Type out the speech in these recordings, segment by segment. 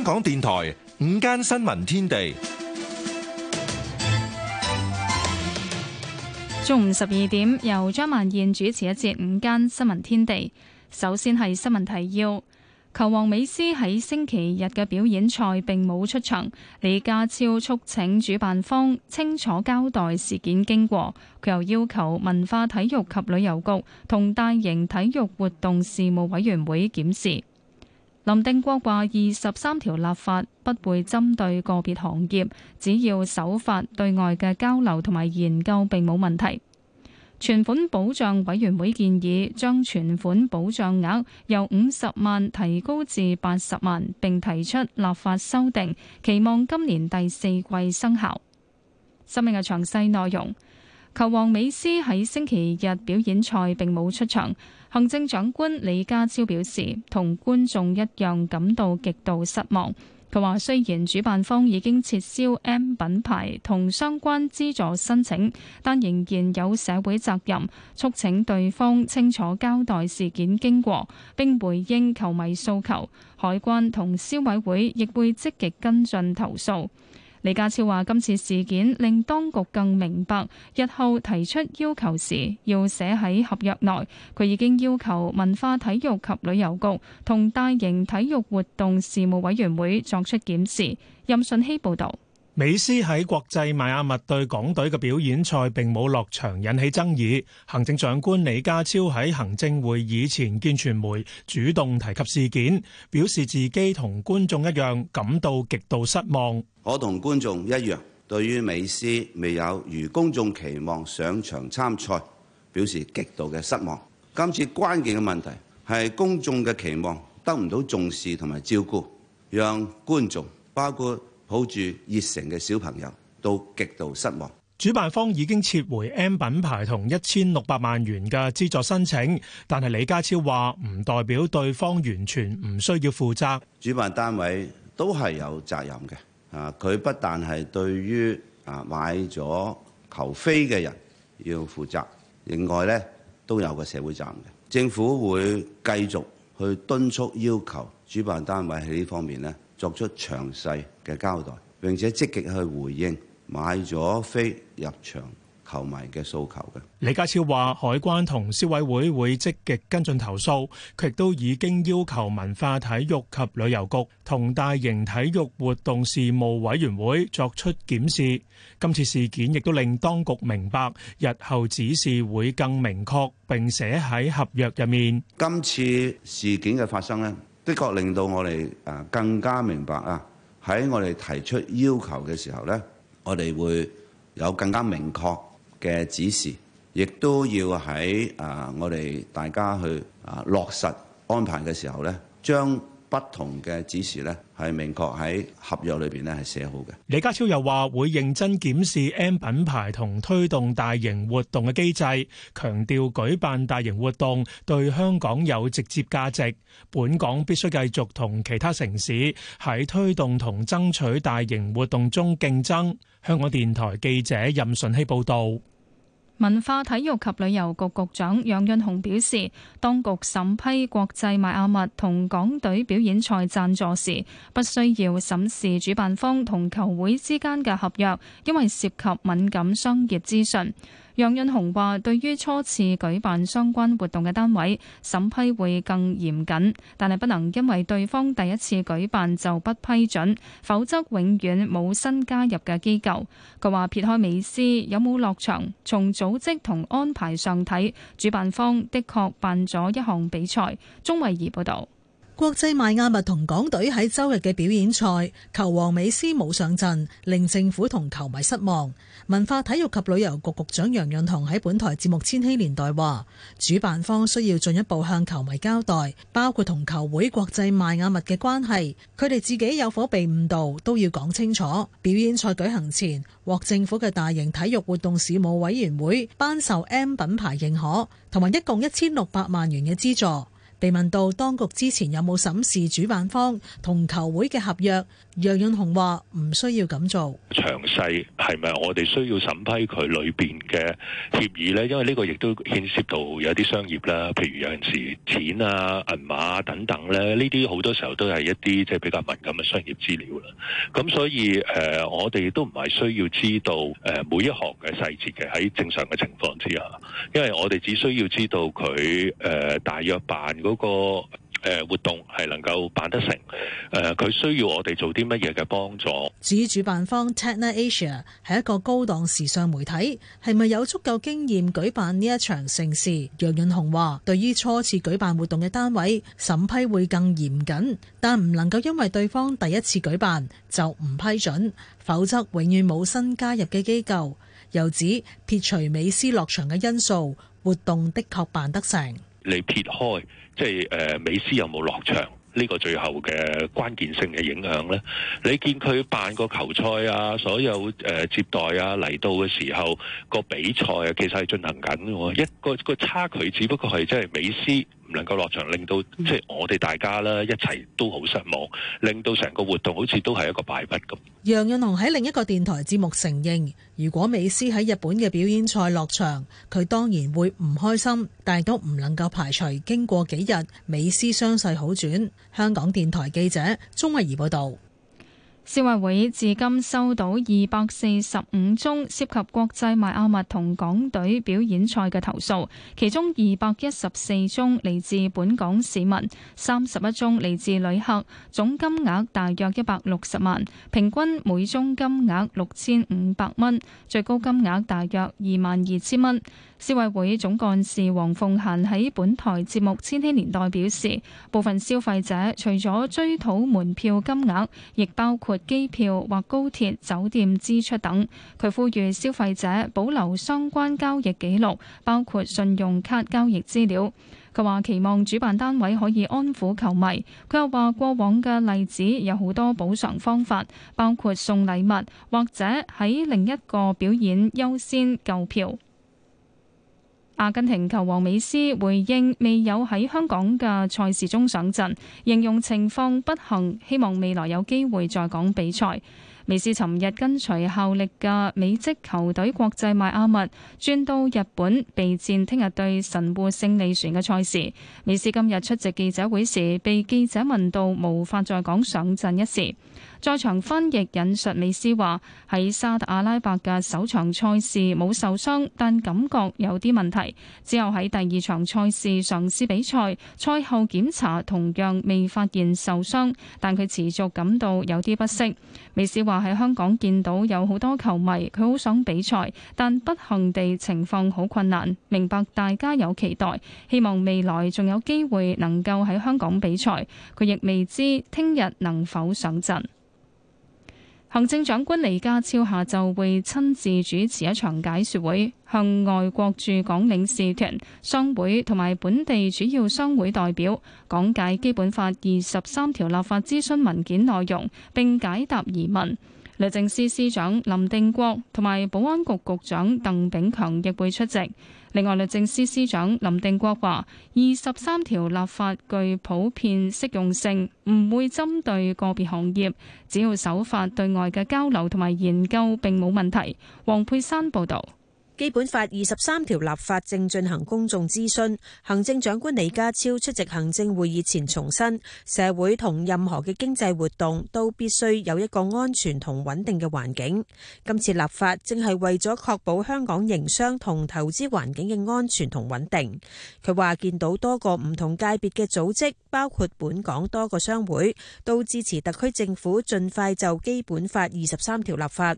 香港電台午間新聞天地，中午十二點由張萬燕主持一節午間新聞天地。首先係新聞提要：球王美斯喺星期日嘅表演賽並冇出場。李家超促請主辦方清楚交代事件經過，佢又要求文化體育及旅遊局同大型體育活動事務委員會檢視。林定國話，二十三條立法不會針對個別行業，只要守法，對外嘅交流同埋研究並冇問題。存款保障委員會建議將存款保障額由五十萬提高至八十萬，並提出立法修訂，期望今年第四季生效。新聞嘅詳細內容。球王美斯喺星期日表演賽並冇出場。行政長官李家超表示，同觀眾一樣感到極度失望。佢話雖然主辦方已經撤銷 M 品牌同相關資助申請，但仍然有社會責任促請對方清楚交代事件經過並回應球迷訴求。海關同消委會亦會積極跟進投訴。李家超話今次事件令當局更明白，日後提出要求時要寫喺合約內，佢已經要求文化體育及旅遊局同大型體育活動事務委員會作出檢視，任信希報道。美斯喺國際邁阿密對港隊嘅表演賽並冇落場，引起爭議。行政長官李家超喺行政會議前見傳媒，主動提及事件，表示自己同觀眾一樣感到極度失望。我同觀眾一樣，對於美斯未有如公眾期望上場參賽，表示極度嘅失望。今次關鍵嘅問題係公眾嘅期望得唔到重視同埋照顧，讓觀眾包括。抱住熱誠嘅小朋友，都極度失望。主辦方已經撤回 M 品牌同一千六百萬元嘅資助申請，但係李家超話唔代表對方完全唔需要負責。主辦單位都係有責任嘅啊！佢不但係對於啊買咗球飛嘅人要負責，另外咧都有個社會責任。政府會繼續去敦促要求主辦單位喺呢方面咧，作出詳細嘅交代，並且積極去回應買咗飛入場球迷嘅訴求嘅。李家超話，海關同消委會會積極跟進投訴，佢亦都已經要求文化體育及旅遊局同大型體育活動事務委員會作出檢視。今次事件亦都令當局明白，日後指示會更明確，並寫喺合約入面。今次事件嘅發生呢，的確令到我哋啊更加明白啊，喺我哋提出要求嘅時候咧，我哋會有更加明確嘅指示，亦都要喺啊我哋大家去啊落實安排嘅時候咧，將不同嘅指示呢，係明確喺合約裏邊呢，係寫好嘅。李家超又話會認真檢視 M 品牌同推動大型活動嘅機制，強調舉辦大型活動對香港有直接價值。本港必須繼續同其他城市喺推動同爭取大型活動中競爭。香港電台記者任順希報道。文化體育及旅遊局局長楊潤雄表示，當局審批國際邁阿密同港隊表演賽贊助時，不需要審視主辦方同球會之間嘅合約，因為涉及敏感商業資訊。楊潤雄話，對於初次舉辦相關活動嘅單位，審批會更嚴謹，但係不能因為對方第一次舉辦就不批准，否則永遠冇新加入嘅機構。佢話撇開美斯，有冇落場，從組織同安排上睇，主辦方的確辦咗一項比賽。鍾慧儀報道。國際邁阿密同港隊喺周日嘅表演賽，球王美斯冇上陣，令政府同球迷失望。文化體育及旅遊局局長楊潤雄喺本台節目《千禧年代》話，主辦方需要進一步向球迷交代，包括同球會國際邁阿密嘅關係，佢哋自己有否被誤導，都要講清楚。表演賽舉行前獲政府嘅大型體育活動事務委員會頒授 M 品牌認可，同埋一共一千六百萬元嘅資助。被問到當局之前有冇審視主辦方同球會嘅合約，楊潤雄話唔需要咁做。詳細係咪我哋需要審批佢裏邊嘅協議呢？因為呢個亦都牽涉到有啲商業啦，譬如有陣時錢啊、銀碼等等咧，呢啲好多時候都係一啲即係比較敏感嘅商業資料啦。咁所以誒、呃，我哋都唔係需要知道誒每一項嘅細節嘅喺正常嘅情況之下，因為我哋只需要知道佢誒、呃、大約辦。嗰個活動係能夠辦得成誒，佢、呃、需要我哋做啲乜嘢嘅幫助。至於主，主辦方 Tatler Asia 係一個高檔時尚媒體，係咪有足夠經驗舉辦呢一場盛事？楊潤雄話：對於初次舉辦活動嘅單位，審批會更嚴謹，但唔能夠因為對方第一次舉辦就唔批准，否則永遠冇新加入嘅機構。又指撇除美斯落場嘅因素，活動的確辦得成。你撇開。即係誒，美斯有冇落場？呢、這個最後嘅關鍵性嘅影響呢？你見佢辦個球賽啊，所有誒、呃、接待啊，嚟到嘅時候、那個比賽啊，其實係進行緊喎、啊。一個一個差距，只不過係即係美斯，唔能夠落場，令到即係我哋大家啦，一齊都好失望，令到成個活動好似都係一個敗筆咁。噉，楊潤雄喺另一個電台節目承認，如果美斯喺日本嘅表演賽落場，佢當然會唔開心，但係都唔能夠排除經過幾日美斯傷勢好轉。香港電台記者鍾慧儀報道。消委會至今收到二百四十五宗涉及國際邁阿密同港隊表演賽嘅投訴，其中二百一十四宗嚟自本港市民，三十一宗嚟自旅客，總金額大約一百六十萬，平均每宗金額六千五百蚊，最高金額大約二萬二千蚊。消委會總幹事黃鳳嫻喺本台節目《千禧年代》表示，部分消費者除咗追討門票金額，亦包括，機票或高鐵、酒店支出等，佢呼籲消費者保留相關交易記錄，包括信用卡交易資料。佢話期望主辦單位可以安撫球迷。佢又話過往嘅例子有好多補償方法，包括送禮物，或者喺另一個表演優先購票。阿根廷球王美斯回應未有喺香港嘅賽事中上陣，形容情況不幸，希望未來有機會在港比賽。美斯尋日跟隨效力嘅美職球隊國際邁阿密轉到日本備戰，聽日對神戶勝利船嘅賽事。美斯今日出席記者會時，被記者問到無法在港上陣一事。在場翻譯引述美斯話：喺沙特阿拉伯嘅首場賽事冇受傷，但感覺有啲問題。之後喺第二場賽事嘗試比賽，賽後檢查同樣未發現受傷，但佢持續感到有啲不適。美斯話喺香港見到有好多球迷，佢好想比賽，但不幸地情況好困難。明白大家有期待，希望未來仲有機會能夠喺香港比賽。佢亦未知聽日能否上陣。行政長官李家超下晝會親自主持一場解說會，向外國駐港領事團、商會同埋本地主要商會代表講解《基本法》二十三條立法諮詢文件內容，並解答疑問。律政司司長林定國同埋保安局局長鄧炳強亦會出席。另外，律政司司長林定國話二十三條立法具普遍適用性，唔會針對個別行業，只要守法對外嘅交流同埋研究並冇問題，黃佩珊報道。基本法二十三條立法正進行公眾諮詢，行政長官李家超出席行政會議前重申，社會同任何嘅經濟活動都必須有一個安全同穩定嘅環境。今次立法正係為咗確保香港營商同投資環境嘅安全同穩定。佢話見到多個唔同界別嘅組織，包括本港多個商會，都支持特區政府盡快就基本法二十三條立法。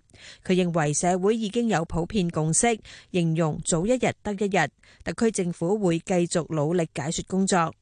佢認為社會已經有普遍共識。形容早一日得一日，特區政府會繼續努力解說工作。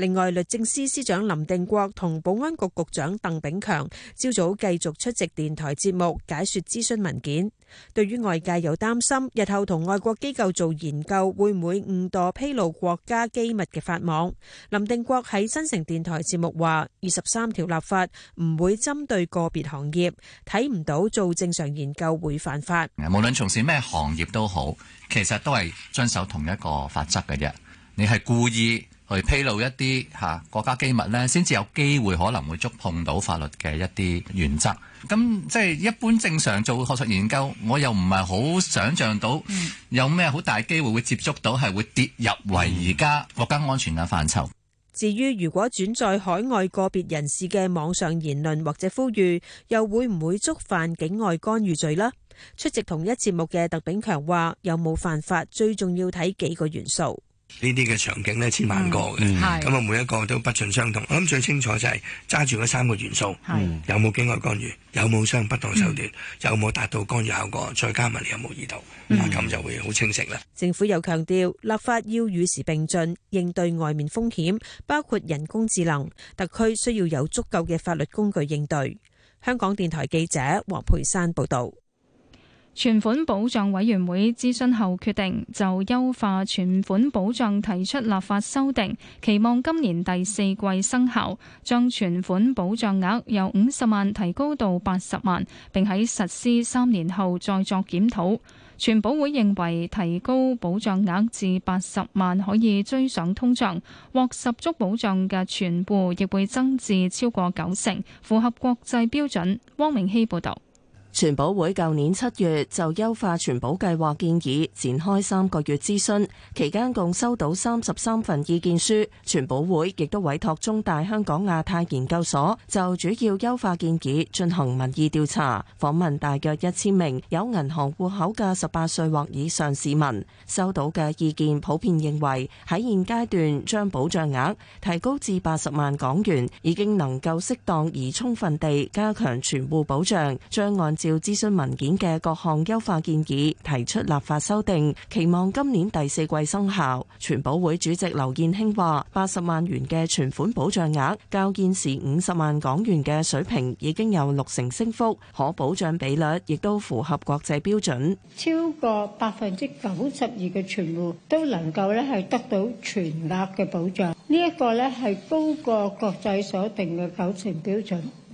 另外，律政司司長林定國同保安局局長鄧炳強朝早繼續出席電台節目解說諮詢文件。對於外界有擔心日後同外國機構做研究會唔會誤墮披露國家機密嘅法網，林定國喺新城電台節目話：二十三條立法唔會針對個別行業，睇唔到做正常研究會犯法。無論從事咩行業都好，其實都係遵守同一個法則嘅啫。你係故意去披露一啲嚇國家機密呢，先至有機會可能會觸碰到法律嘅一啲原則。咁即係一般正常做學術研究，我又唔係好想象到有咩好大機會會接觸到係會跌入為而家國家安全嘅範疇。至於如果轉載海外個別人士嘅網上言論或者呼籲，又會唔會觸犯境外干預罪呢？出席同一節目嘅鄧炳強話：有冇犯法最重要睇幾個元素。呢啲嘅場景呢，千萬個嘅，咁啊、嗯、每一個都不盡相同。我諗最清楚就係揸住嗰三個元素，嗯、有冇境外干預，有冇用不當手段，嗯、有冇達到干預效果，再加埋你有冇意圖，咁、嗯、就會好清晰啦。嗯、政府又強調，立法要與時並進，應對外面風險，包括人工智能，特區需要有足夠嘅法律工具應對。香港電台記者黃培山報道。存款保障委員會諮詢後決定，就優化存款保障提出立法修訂，期望今年第四季生效，將存款保障額由五十萬提高到八十萬，並喺實施三年後再作檢討。存保會認為提高保障額至八十萬可以追上通脹，獲十足保障嘅存戶亦會增至超過九成，符合國際標準。汪明希報道。存保會舊年七月就優化存保計劃建議展開三個月諮詢，期間共收到三十三份意見書。存保會亦都委託中大香港亞太研究所就主要優化建議進行民意調查，訪問大約一千名有銀行戶口嘅十八歲或以上市民。收到嘅意見普遍認為，喺現階段將保障額提高至八十萬港元，已經能夠適當而充分地加強存戶保障。將按照諮詢文件嘅各項優化建議提出立法修訂，期望今年第四季生效。存保會主席劉建興話：八十萬元嘅存款保障額，較現時五十萬港元嘅水平已經有六成升幅，可保障比率亦都符合國際標準。超過百分之九十二嘅存戶都能夠咧係得到全額嘅保障，呢一個咧係高過國際所定嘅九成標準。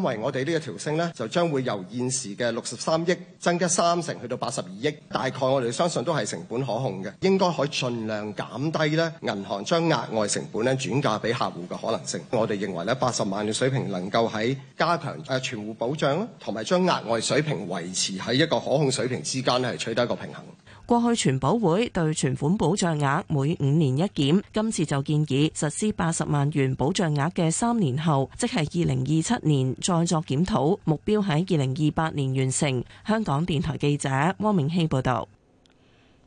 因為我哋呢個調升呢，就將會由現時嘅六十三億增加三成，去到八十二億。大概我哋相信都係成本可控嘅，應該可以盡量減低咧，銀行將額外成本咧轉嫁俾客戶嘅可能性。我哋認為咧，八十萬嘅水平能夠喺加強誒存戶保障同埋將額外水平維持喺一個可控水平之間咧，係取得一個平衡。過去存保會對存款保障額每五年一檢，今次就建議實施八十萬元保障額嘅三年後，即係二零二七年再作檢討，目標喺二零二八年完成。香港電台記者汪明希報道。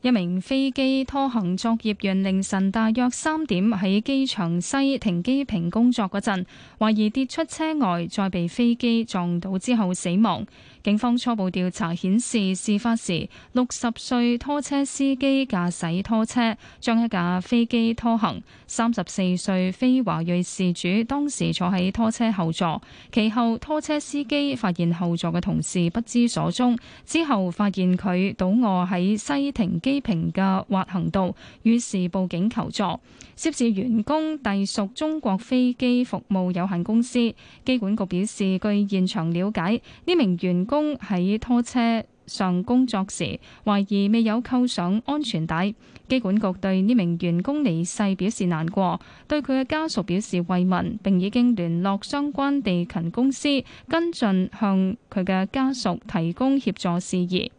一名飛機拖行作業員凌晨大約三點喺機場西停機坪工作嗰陣，懷疑跌出車外，再被飛機撞到之後死亡。警方初步調查顯示，事發時六十歲拖車司機駕駛拖車將一架飛機拖行。三十四歲非華裔事主當時坐喺拖車後座，其後拖車司機發現後座嘅同事不知所蹤，之後發現佢倒卧喺西停機坪嘅滑行道，於是報警求助。涉事員工隸屬中國飛機服務有限公司。機管局表示，據現場了解，呢名員工喺拖車上工作時，懷疑未有扣上安全帶。機管局對呢名員工離世表示難過，對佢嘅家屬表示慰問，並已經聯絡相關地勤公司跟進，向佢嘅家屬提供協助事宜。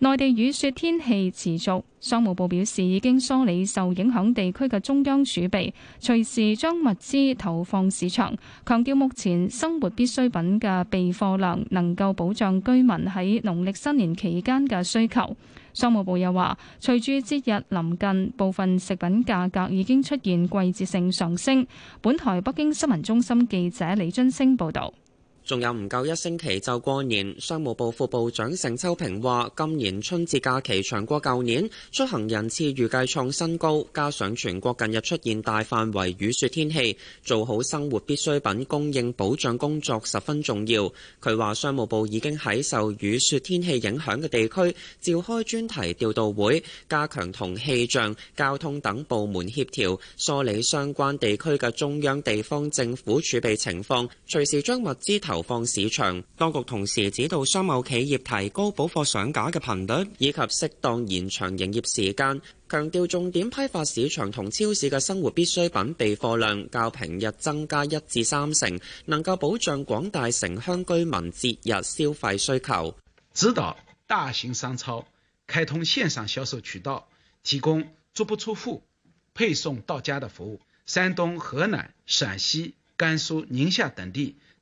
內地雨雪天氣持續，商務部表示已經梳理受影響地區嘅中央儲備，隨時將物資投放市場，強調目前生活必需品嘅備貨量能夠保障居民喺農曆新年期間嘅需求。商務部又話，隨住節日臨近，部分食品價格已經出現季節性上升。本台北京新聞中心記者李津升報道。仲有唔夠一星期就過年，商務部副部長盛秋平話今年春節假期長過舊年，出行人次預計創新高。加上全國近日出現大範圍雨雪天氣，做好生活必需品供應保障工作十分重要。佢話商務部已經喺受雨雪天氣影響嘅地區召開專題調度會，加強同氣象、交通等部門協調，梳理相關地區嘅中央、地方政府儲備情況，隨時將物資投。投放市場，當局同時指導商貿企業提高補貨上架嘅頻率，以及適當延長營業時間。強調重點批發市場同超市嘅生活必需品備貨量較平日增加一至三成，能夠保障廣大城鄉居民節日消費需求。指導大型商超開通綫上銷售渠道，提供足不出戶配送到家的服務。山東、河南、陝西、甘肅、寧夏等地。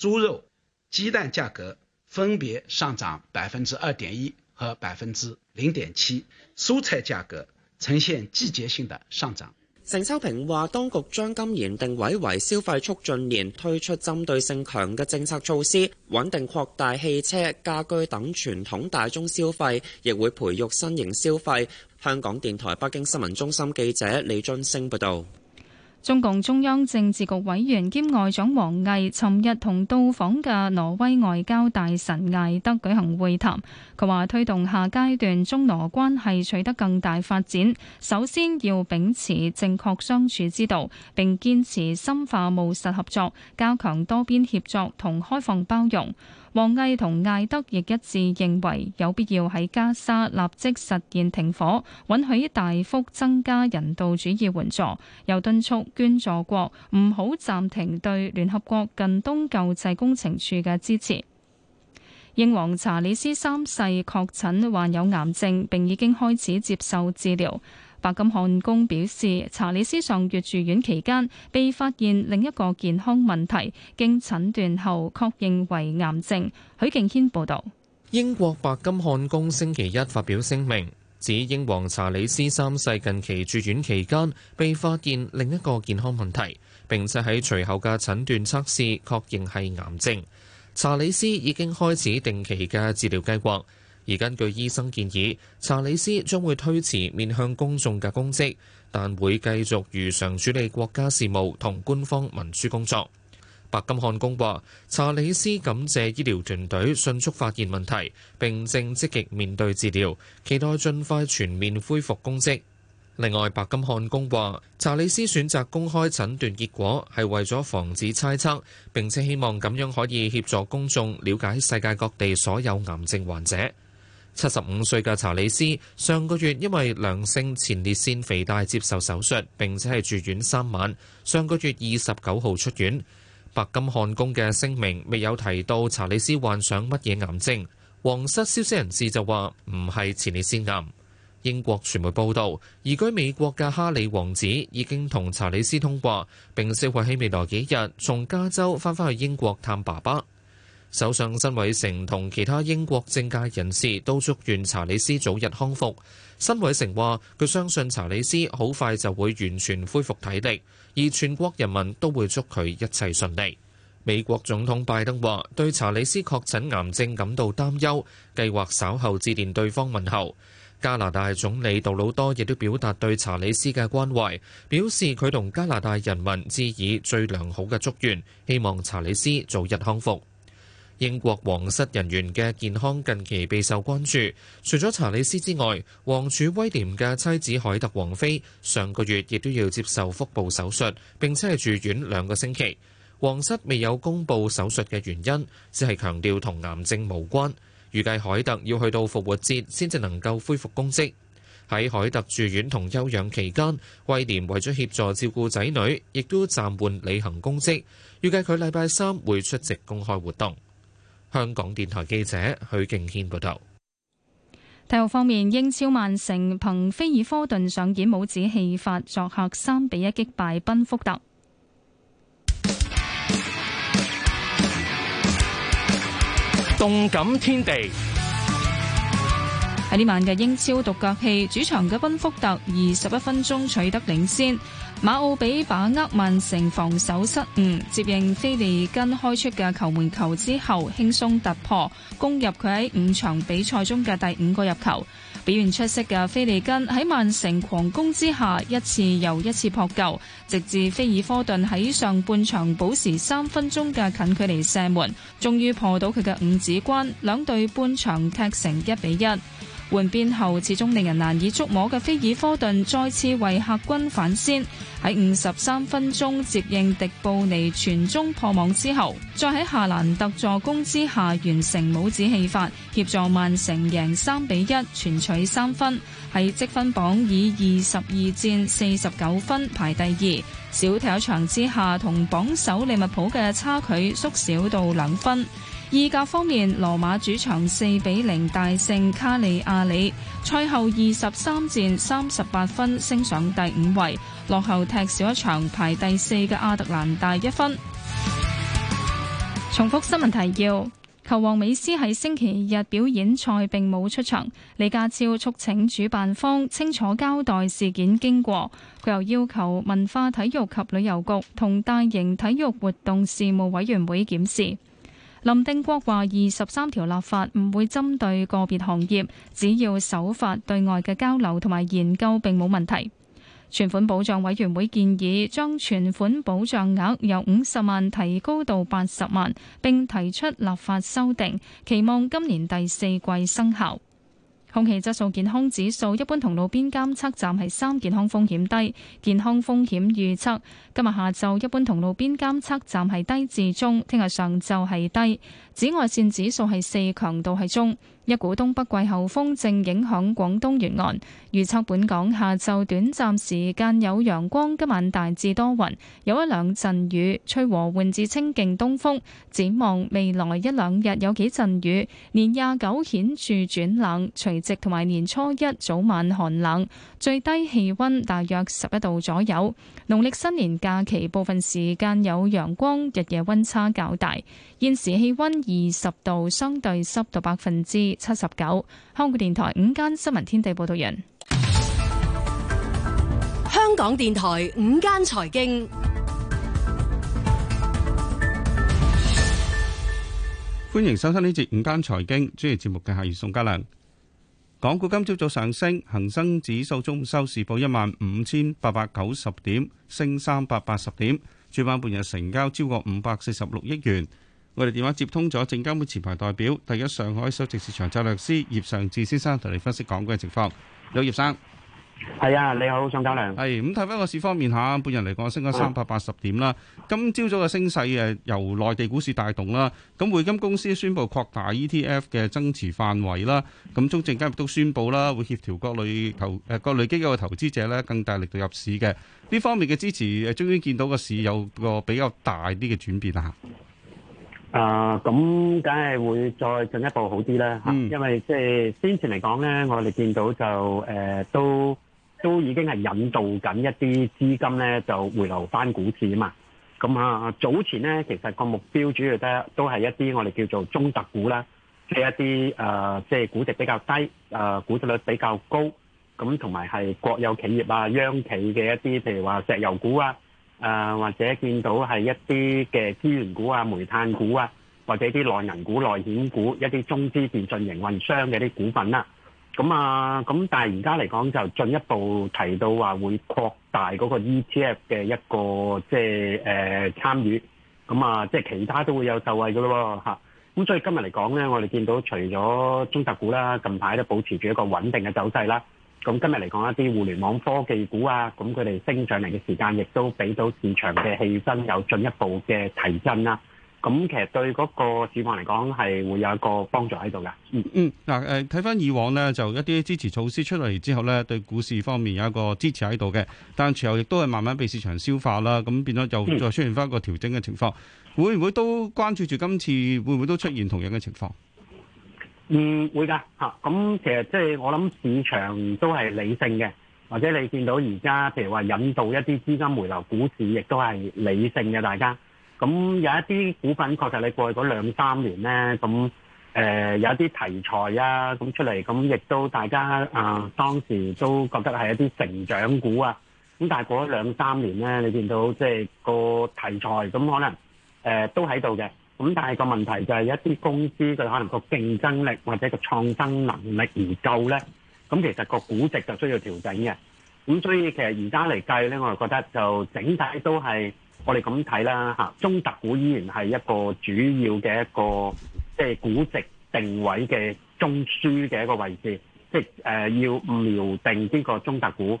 豬肉、雞蛋價格分別上漲百分之二點一和百分之零點七，蔬菜價格呈現季節性的上漲。盛秋平話，當局將今年定位為消費促進年，推出針對性強嘅政策措施，穩定擴大汽車、家居等傳統大宗消費，亦會培育新型消費。香港電台北京新聞中心記者李津星報道。中共中央政治局委員兼外長王毅尋日同到訪嘅挪威外交大臣艾德舉行會談，佢話推動下階段中挪關係取得更大發展，首先要秉持正確相處之道，並堅持深化務實合作，加強多邊協作同開放包容。王毅同艾德亦一致認為有必要喺加沙立即實現停火，允許大幅增加人道主義援助，又敦促捐助國唔好暫停對聯合國近東救濟工程處嘅支持。英皇查理斯三世確診患有癌症，並已經開始接受治療。白金漢宮表示，查理斯上月住院期間被發現另一個健康問題，經診斷後確認為癌症。許敬軒報道。英國白金漢宮星期一發表聲明，指英皇查理斯三世近期住院期間被發現另一個健康問題，並且喺隨後嘅診斷測試確認係癌症。查理斯已經開始定期嘅治療計劃。而根據醫生建議，查理斯將會推遲面向公眾嘅公職，但會繼續如常處理國家事務同官方文書工作。白金漢宮話：查理斯感謝醫療團隊迅速發現問題，並正積極面對治療，期待盡快全面恢復公職。另外，白金漢宮話查理斯選擇公開診斷結果係為咗防止猜測，並且希望咁樣可以協助公眾了解世界各地所有癌症患者。七十五歲嘅查理斯上個月因為良性前列腺肥大接受手術，並且係住院三晚，上個月二十九號出院。白金漢宮嘅聲明未有提到查理斯患上乜嘢癌症。皇室消息人士就話唔係前列腺癌。英國傳媒報道，移居美國嘅哈里王子已經同查理斯通話，並計劃喺未來幾日從加州翻返去英國探爸爸。首相辛偉誠同其他英國政界人士都祝願查理斯早日康復。辛偉誠話：佢相信查理斯好快就會完全恢復體力，而全國人民都會祝佢一切順利。美國總統拜登話：對查理斯確診癌症感到擔憂，計劃稍後致電對方問候。加拿大總理杜魯多亦都表達對查理斯嘅關懷，表示佢同加拿大人民致以最良好嘅祝願，希望查理斯早日康復。英國皇室人員嘅健康近期備受關注，除咗查理斯之外，王儲威廉嘅妻子凱特王妃上個月亦都要接受腹部手術，並且係住院兩個星期。皇室未有公布手術嘅原因，只係強調同癌症無關。預計凱特要去到復活節先至能夠恢復公職。喺凱特住院同休養期間，威廉為咗協助照顧仔女，亦都暫緩履行公職。預計佢禮拜三會出席公開活動。香港電台記者許敬軒報道。體育方面，英超曼城憑菲爾科頓上演帽子戲法，作客三比一擊敗奔福特。動感天地喺呢晚嘅英超獨腳戲，主場嘅奔福特二十一分鐘取得領先。馬奧比把握曼城防守失誤，接應菲利根開出嘅球門球之後，輕鬆突破，攻入佢喺五場比賽中嘅第五個入球。表現出色嘅菲利根喺曼城狂攻之下，一次又一次撲救，直至菲爾科頓喺上半場補時三分鐘嘅近距離射門，終於破到佢嘅五指關，兩隊半場踢成一比一。換邊後，始終令人難以捉摸嘅菲爾科頓再次為客軍反先，喺五十三分鐘接應迪布尼傳中破網之後，再喺夏蘭特助攻之下完成帽子戲法，協助曼城贏三比一，全取三分，喺積分榜以二十二戰四十九分排第二，少踢一場之下同榜首利物浦嘅差距縮小到兩分。意甲方面，羅馬主場四比零大勝卡利亞里，賽後二十三戰三十八分，升上第五位，落後踢少一場排第四嘅阿特蘭大一分。重複新聞提要，球王美斯喺星期日表演賽並冇出場，李家超促請主辦方清楚交代事件經過，佢又要求文化體育及旅遊局同大型體育活動事務委員會檢視。林定國話：二十三條立法唔會針對個別行業，只要守法，對外嘅交流同埋研究並冇問題。存款保障委員會建議將存款保障額由五十萬提高到八十萬，並提出立法修訂，期望今年第四季生效。空氣質素健康指數一般同路邊監測站係三健康風險低，健康風險預測。今日下晝一般同路邊監測站係低至中，聽日上晝係低。紫外線指數係四，強度係中。一股東北季候風正影響廣東沿岸，預測本港下晝短暫時間有陽光，今晚大致多雲，有一兩陣雨，吹和緩至清勁東風。展望未來一兩日有幾陣雨，年廿九顯著轉冷，除夕同埋年初一早晚寒冷，最低氣溫大約十一度左右。農曆新年假期部分時間有陽光，日夜溫差較大。現時氣溫二十度，相對濕度百分之七十九。香港電台午間新聞天地報道人：「香港電台，港電台午間財經，歡迎收聽呢節午間財經主持節目嘅係宋嘉良。港股今朝早上升，恒生指數中午收市報一萬五千八百九十點，升三百八十點，主板半日成交超過五百四十六億元。我哋電話接通咗證監會前排代表，第一上海首席市場策略師葉尚志先生同你分析港股嘅情況。有葉生。係啊，你好，張德良。係，咁睇翻個市方面吓，半日嚟講升咗三百八十點啦。的今朝早嘅升勢誒，由內地股市帶動啦。咁匯金公司宣布擴大 ETF 嘅增持範圍啦。咁中證監亦都宣布啦，會協調各類投誒各類機構嘅投資者咧，更大力度入市嘅。呢方面嘅支持誒，終於見到個市有個比較大啲嘅轉變啊。啊、呃，咁梗係會再進一步好啲啦吓，嗯、因為即、就、係、是、先前嚟講咧，我哋見到就誒、呃、都。都已經係引導緊一啲資金咧，就回流翻股市啊嘛。咁啊，早前咧，其實個目標主要咧都係一啲我哋叫做中特股啦，即係一啲誒，即係估值比較低、誒股息率比較高，咁同埋係國有企業啊、央企嘅一啲，譬如話石油股啊，誒或者見到係一啲嘅資源股啊、煤炭股啊，或者啲內銀股、內險股、一啲中資電訊營運商嘅啲股份啦。咁啊，咁、嗯、但係而家嚟講就進一步提到話會擴大嗰個 ETF 嘅一個即係誒參與，咁、嗯、啊、嗯、即係其他都會有受惠嘅咯喎嚇。咁所以今日嚟講咧，我哋見到除咗中特股啦，近排都保持住一個穩定嘅走勢啦。咁、嗯、今日嚟講一啲互聯網科技股啊，咁佢哋升上嚟嘅時間亦都俾到市場嘅氣氛有進一步嘅提振啦。咁其實對嗰個市況嚟講，係會有一個幫助喺度嘅。嗯嗯，嗱，誒，睇翻以往呢，就一啲支持措施出嚟之後呢，對股市方面有一個支持喺度嘅。但隨後亦都係慢慢被市場消化啦，咁變咗就再出現翻一個調整嘅情況。嗯、會唔會都關注住今次會唔會都出現同樣嘅情況，嗯啊？嗯，會噶吓。咁其實即係我諗市場都係理性嘅，或者你見到而家譬如話引導一啲資金回流股市，亦都係理性嘅，大家。咁有一啲股份確實你過去兩三年咧，咁誒有一啲題材啊，咁出嚟咁亦都大家啊當時都覺得係一啲成長股啊，咁但係過咗兩三年咧，你見到即係個題材咁可能誒都喺度嘅，咁但係個問題就係有一啲公司佢可能個競爭力或者個創新能力唔夠咧，咁其實個估值就需要調整嘅，咁所以其實而家嚟計咧，我就覺得就整體都係。我哋咁睇啦吓，中特股依然係一個主要嘅一個即係估值定位嘅中樞嘅一個位置，即係誒、呃、要瞄定呢個中特股。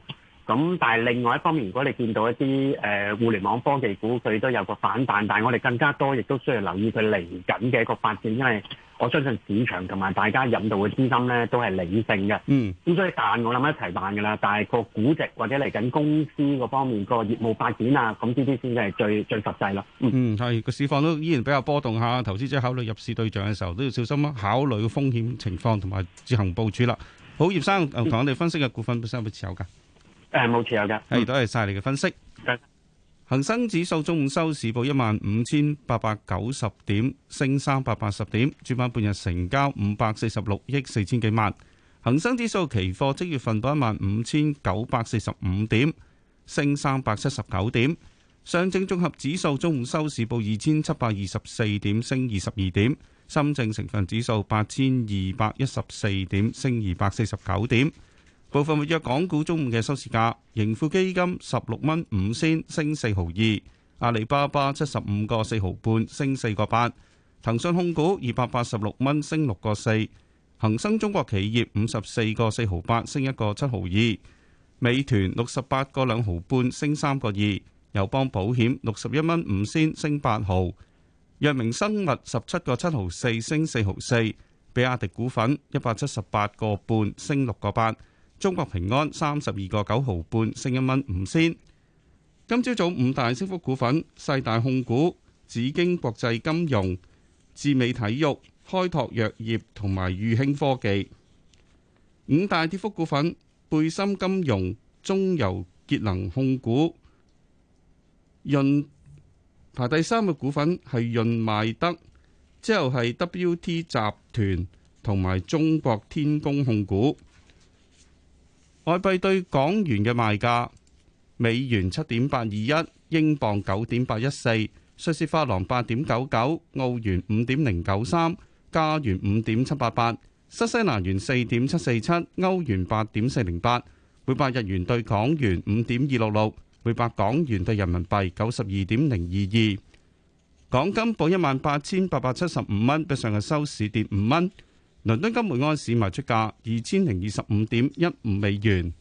咁，但係另外一方面，如果你見到一啲誒、呃、互聯網科技股，佢都有個反彈，但係我哋更加多亦都需要留意佢嚟緊嘅一個發展，因為我相信市場同埋大家引導嘅資金咧都係理性嘅。嗯，咁所以彈我諗一齊彈㗎啦，但係個估值或者嚟緊公司個方面，個業務發展啊，咁呢啲先係最最實際咯。嗯嗯，係個市況都依然比較波動下，投資者考慮入市對象嘅時候都要小心咯，考慮個風險情況同埋自行部署啦。好，葉生同我哋分析嘅股份本身有冇持有㗎？誒，冇持有嘅。係，多謝晒你嘅分析。恒生指數中午收市報一萬五千八百九十點，升三百八十點。主板半日成交五百四十六億四千幾萬。恒生指數期貨即月份到一萬五千九百四十五點，升三百七十九點。上證綜合指數中午收市報二千七百二十四點，升二十二點。深證成分指數八千二百一十四點，升二百四十九點。部分活躍港股中午嘅收市價，盈富基金十六蚊五仙升四毫二，阿里巴巴七十五個四毫半升四個八，騰訊控股二百八十六蚊升六個四，恒生中國企業五十四個四毫八升一個七毫二，美團六十八個兩毫半升三個二，友邦保險六十一蚊五仙升八毫，藥明生物十七個七毫四升四毫四，比亞迪股份一百七十八個半升六個八。中國平安三十二個九毫半，升一蚊五仙。今朝早，早五大升幅股份：世大控股、紫荊國際金融、智美體育、開拓藥業同埋裕興科技。五大跌幅股份：貝森金融、中油節能控股、潤排第三嘅股份係潤邁德，之後係 WT 集團同埋中國天工控股。外幣對港元嘅賣價：美元七點八二一，英鎊九點八一四，瑞士法郎八點九九，澳元五點零九三，加元五點七八八，新西蘭元四點七四七，歐元八點四零八，每百日元對港元五點二六六，每百港元對人民幣九十二點零二二。港金報一萬八千八百七十五蚊，比上日收市跌五蚊。倫敦金每安市賣出價二千零二十五點一五美元。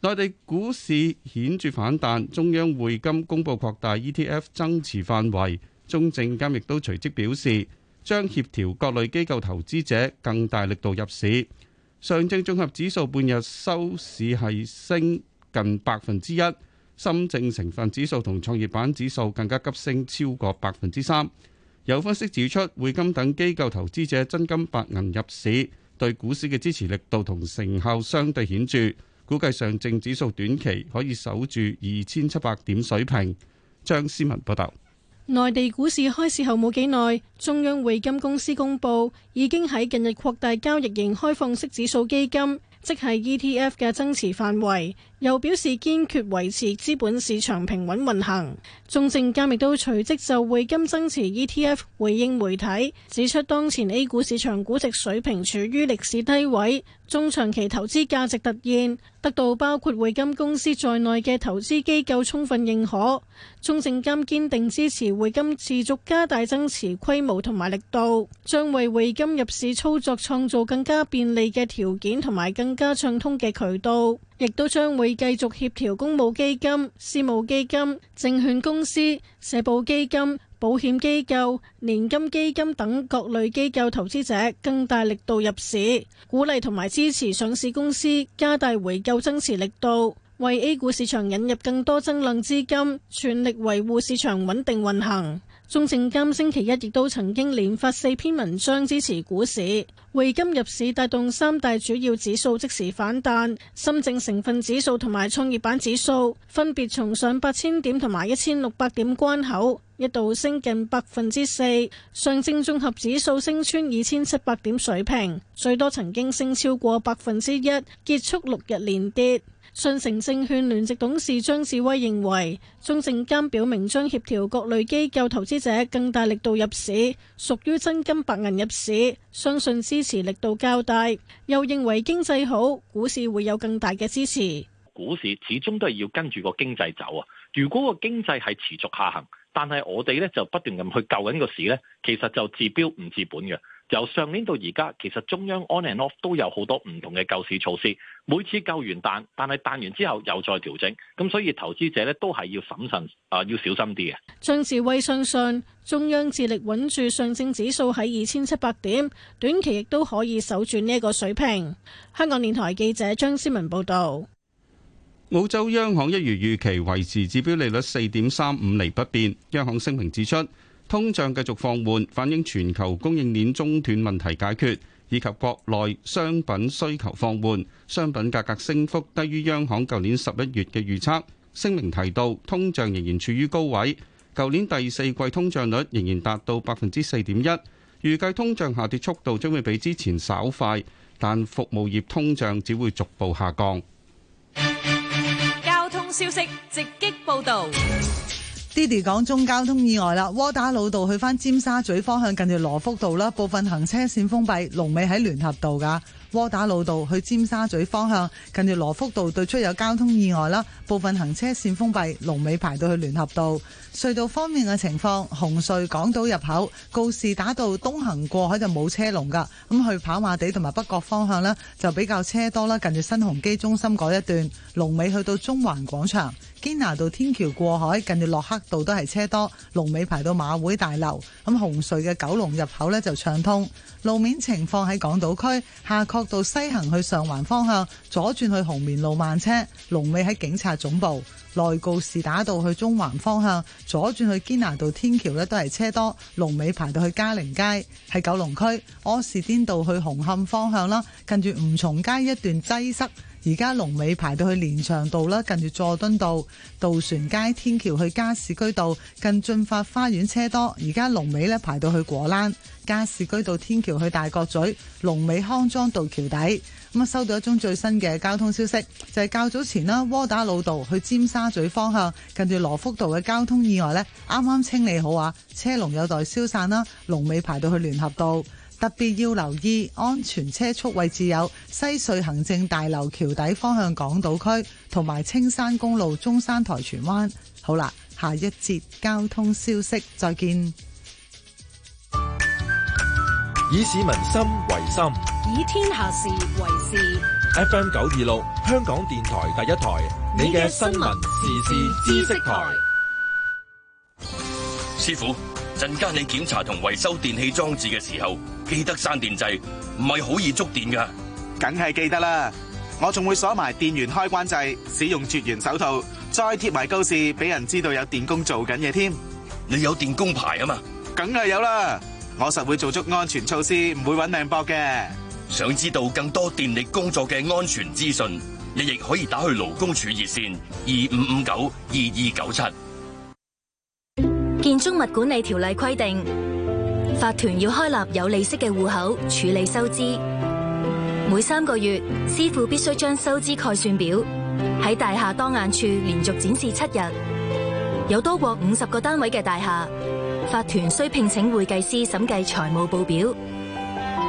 內地股市顯著反彈，中央匯金公布擴大 ETF 增持範圍，中證監亦都隨即表示，將協調各類機構投資者更大力度入市。上證綜合指數半日收市係升近百分之一，深證成分指數同創業板指數更加急升超過百分之三。有分析指出，匯金等機構投資者真金白銀入市，對股市嘅支持力度同成效相對顯著。估計上證指數短期可以守住二千七百點水平。張思文報道，內地股市開市後冇幾耐，中央匯金公司公布已經喺近日擴大交易型開放式指數基金，即係 ETF 嘅增持範圍。又表示堅決維持資本市場平穩運行。中證監亦都隨即就匯金增持 E T F 回應媒體，指出當前 A 股市場估值水平處於歷史低位，中長期投資價值凸顯，得到包括匯金公司在內嘅投資機構充分認可。中證監堅定支持匯金持續加大增持規模同埋力度，將為匯金入市操作創造更加便利嘅條件同埋更加暢通嘅渠道。亦都將會繼續協調公募基金、私募基金、證券公司、社保基金、保險機構、年金基金等各類機構投資者更大力度入市，鼓勵同埋支持上市公司加大回購增持力度，為 A 股市場引入更多增量資金，全力維護市場穩定運行。中證監星期一亦都曾經連發四篇文章支持股市匯金入市，帶動三大主要指數即時反彈。深證成分指數同埋創業板指數分別從上八千點同埋一千六百點關口一度升近百分之四，上證綜合指數升穿二千七百點水平，最多曾經升超過百分之一，結束六日連跌。信誠證券聯席董事張志威認為，中證監表明將協調各類機構投資者更大力度入市，屬於真金白銀入市，相信支持力度較大。又認為經濟好，股市會有更大嘅支持。股市始終都係要跟住個經濟走啊！如果個經濟係持續下行，但係我哋咧就不斷咁去救緊個市咧，其實就治標唔治本嘅。由上年到而家，其實中央 on and off 都有好多唔同嘅救市措施。每次救完彈，但係彈完之後又再調整，咁所以投資者咧都係要審慎啊，要小心啲嘅。張志威相信，信中央致力穩住上證指數喺二千七百點，短期亦都可以守住呢一個水平。香港電台記者張思文報道。澳洲央行一如預期維持指標利率四點三五厘不變。央行聲明指出，通脹繼續放緩，反映全球供應鏈中斷問題解決，以及國內商品需求放緩，商品價格升幅低於央行舊年十一月嘅預測。聲明提到，通脹仍然處於高位，舊年第四季通脹率仍然達到百分之四點一，預計通脹下跌速度將會比之前稍快，但服務業通脹只會逐步下降。交通消息直擊報導。d i d y 講中交通意外啦，窩打老道去翻尖沙咀方向，近住羅福道啦，部分行車線封閉，龍尾喺聯合道噶。窩打老道去尖沙咀方向，近住羅福道對出有交通意外啦，部分行車線封閉，龍尾排到去聯合道。隧道方面嘅情況，紅隧港島入口告士打道東行過海就冇車龍噶，咁去跑馬地同埋北角方向呢，就比較車多啦，近住新鴻基中心嗰一段，龍尾去到中環廣場。堅拿道天橋過海，近住駱克道都係車多，龍尾排到馬會大樓。咁紅隧嘅九龍入口呢就暢通，路面情況喺港島區。夏慤道西行去上環方向，左轉去紅棉路慢車，龍尾喺警察總部內。告士打道去中環方向，左轉去堅拿道天橋呢都係車多，龍尾排到去加寧街，喺九龍區。柯士甸道去紅磡方向啦，近住吳松街一段擠塞。而家龍尾排到去聯翔道啦，近住佐敦道、渡船街天橋去加士居道，近駿發花園車多。而家龍尾呢排到去果欄、加士居道天橋去大角咀，龍尾康莊道橋底。咁啊，收到一宗最新嘅交通消息，就係、是、較早前啦，窩打老道去尖沙咀方向，近住羅福道嘅交通意外呢，啱啱清理好啊，車龍有待消散啦。龍尾排到去聯合道。特別要留意安全車速位置，有西隧行政大樓橋底方向港島區，同埋青山公路中山台荃灣。好啦，下一節交通消息再見。以市民心為心，以天下事為事。FM 九二六，香港電台第一台，你嘅新聞時事知識台。師傅。陣間你檢查同維修電器裝置嘅時候，記得閂電掣，唔係好易觸電噶。梗係記得啦，我仲會鎖埋電源開關掣，使用絕緣手套，再貼埋告示俾人知道有電工做緊嘢添。你有電工牌啊嘛？梗係有啦，我實會做足安全措施，唔會揾命搏嘅。想知道更多電力工作嘅安全資訊，你亦可以打去勞工處熱線二五五九二二九七。建築物管理條例規定，法團要開立有利息嘅戶口處理收支。每三個月，師傅必須將收支概算表喺大廈當眼處連續展示七日。有多過五十個單位嘅大廈，法團需聘請會計師審計財務報表。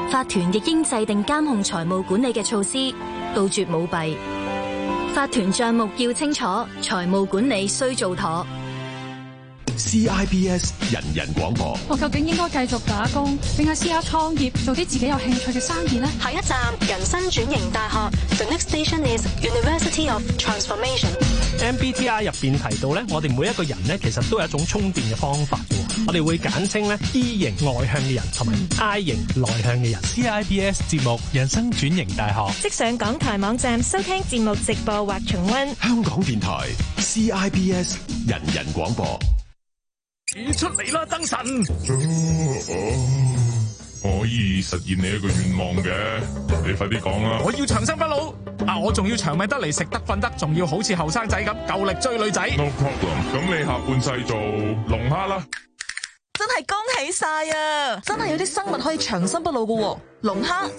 法團亦應制定監控財務管理嘅措施，杜絕舞弊。法團賬目要清楚，財務管理需做妥。CIBS 人人廣播，我究竟應該繼續打工，定係試下創業，做啲自己有興趣嘅生意呢？下一站，人生轉型大學。The next station is University of Transformation。MBTI 入邊提到咧，我哋每一個人咧，其實都有一種充電嘅方法。我哋會簡稱咧 E 型外向嘅人，同埋 I 型內向嘅人。CIBS 節目，人生轉型大學。即上港台網站收聽節目直播或重溫。香港電台 CIBS 人人廣播。出嚟啦，燈神！可以實現你一個願望嘅，你快啲講啦！我要長生不老，啊，我仲要長命得嚟，食得，瞓得，仲要好似後生仔咁，夠力追女仔。No problem，咁你下半世做龍蝦啦！ 真係恭喜晒啊！真係有啲生物可以長生不老噶喎，啊，龍蝦。